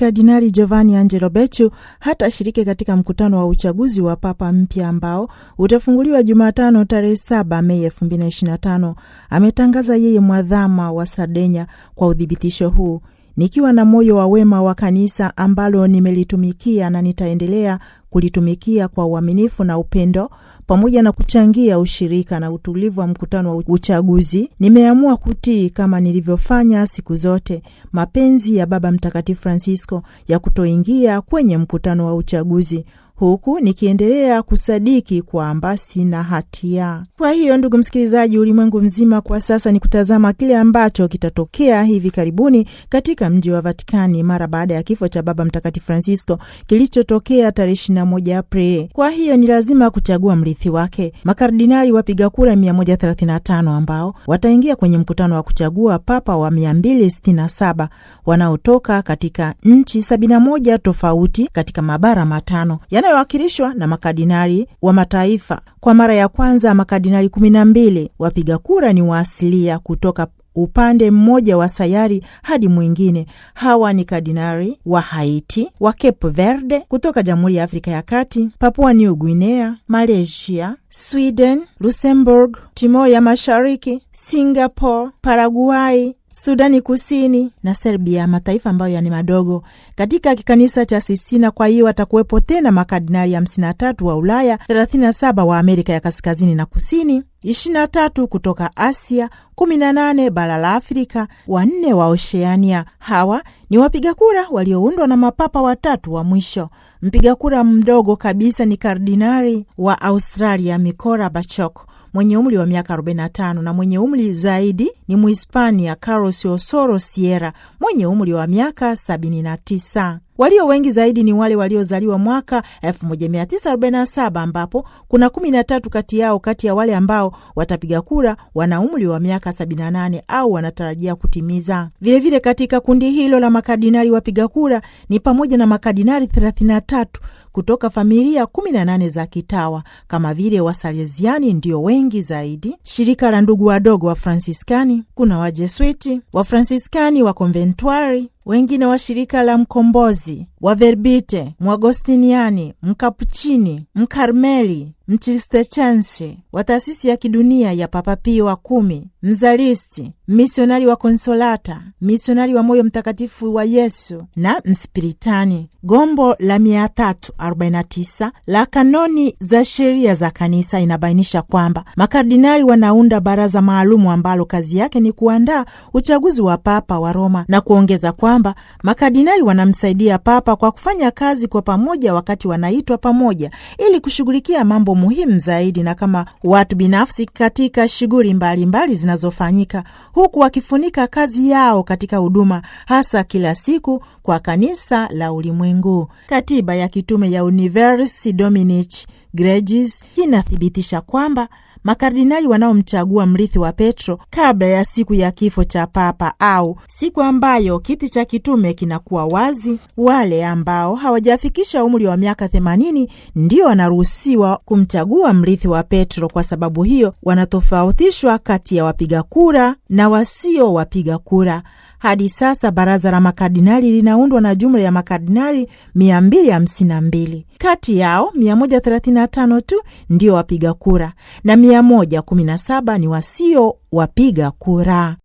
Kardinali Giovanni Angelo bechu hata shiriki katika mkutano wa uchaguzi wa papa mpya ambao utafunguliwa Jumatano tarehe 7 Mei 2025. Ametangaza yeye mwadhama wa Sardenya kwa uthibitisho huu Nikiwa na moyo wa wema wa kanisa ambalo nimelitumikia na nitaendelea kulitumikia kwa uaminifu na upendo, pamoja na kuchangia ushirika na utulivu wa mkutano wa uchaguzi, nimeamua kutii kama nilivyofanya siku zote mapenzi ya Baba Mtakatifu Francisco ya kutoingia kwenye mkutano wa uchaguzi huku nikiendelea kusadiki kwamba sina hatia. Kwa hiyo, ndugu msikilizaji, ulimwengu mzima kwa sasa ni kutazama kile ambacho kitatokea hivi karibuni katika mji wa Vatikani mara baada ya kifo cha Baba Mtakatifu Francisco kilichotokea tarehe 21 Aprili. Kwa hiyo, ni lazima kuchagua mrithi wake. Makardinali wapiga kura 135 ambao wataingia kwenye mkutano wa kuchagua papa wa 267 wanaotoka katika nchi 71 tofauti katika mabara matano yana wamewakilishwa na makardinali wa mataifa. Kwa mara ya kwanza makardinali kumi na mbili wapiga kura ni waasilia kutoka upande mmoja wa sayari hadi mwingine. Hawa ni kadinari wa Haiti, wa Cape Verde kutoka Jamhuri ya Afrika ya Kati, Papua New Guinea, Malaysia, Sweden, Luxembourg, Timor ya Mashariki, Singapore, Paraguay, Sudani Kusini na Serbia, mataifa ambayo yani madogo katika kikanisa cha Sistina. Kwa hiyo atakuwepo tena makardinali 53 wa Ulaya, 37 wa Amerika ya kaskazini na kusini, 23 kutoka Asia, 18 bara la Afrika, wanne wa Oceania. Hawa ni wapiga kura walioundwa na mapapa watatu wa mwisho. Mpiga kura mdogo kabisa ni kardinali wa Australia Micora Bachok mwenye umri wa miaka 45 na mwenye umri zaidi ni muhispania Carlos Osoro Sierra mwenye umri wa miaka 79. Walio wengi zaidi ni wale waliozaliwa mwaka 1947 ambapo kuna 13 kati yao kati ya wale ambao watapiga kura wana umri wa miaka 78 au wanatarajia kutimiza. Vilevile vile katika kundi hilo la makardinali wapiga kura ni pamoja na makardinali 33 kutoka familia 18 za kitawa kama vile Wasaleziani ndio wengi zaidi, shirika la ndugu wadogo wa Fransiskani, kuna Wajesuiti, Wafransiskani wa wengine wa shirika la Mkombozi, Waverbite, Mwagostiniani, Mkapuchini, Mkarmeli, mchistechanshi wa taasisi ya kidunia ya Papa Pio wa kumi, mzalisti, misionari wa Konsolata, misionari wa moyo mtakatifu wa Yesu na mspiritani. Gombo la 349 la kanoni za sheria za kanisa inabainisha kwamba makardinali wanaunda baraza maalumu ambalo kazi yake ni kuandaa uchaguzi wa papa wa Roma, na kuongeza kwamba makardinali wanamsaidia papa kwa kufanya kazi kwa pamoja wakati wanaitwa pamoja ili kushughulikia mambo muhimu zaidi na kama watu binafsi katika shughuli mbalimbali zinazofanyika, huku wakifunika kazi yao katika huduma hasa kila siku kwa kanisa la ulimwengu. Katiba ya kitume ya Universi Dominici Gregis inathibitisha kwamba makardinali wanaomchagua mrithi wa Petro kabla ya siku ya kifo cha Papa au siku ambayo kiti cha kitume kinakuwa wazi. Wale ambao hawajafikisha umri wa miaka themanini ndio wanaruhusiwa kumchagua mrithi wa Petro. Kwa sababu hiyo, wanatofautishwa kati ya wapiga kura na wasio wapiga kura. Hadi sasa baraza la makardinali linaundwa na jumla ya makardinali 252. Kati yao 135 tu ndio wapiga kura na 117 ni wasio wapiga kura.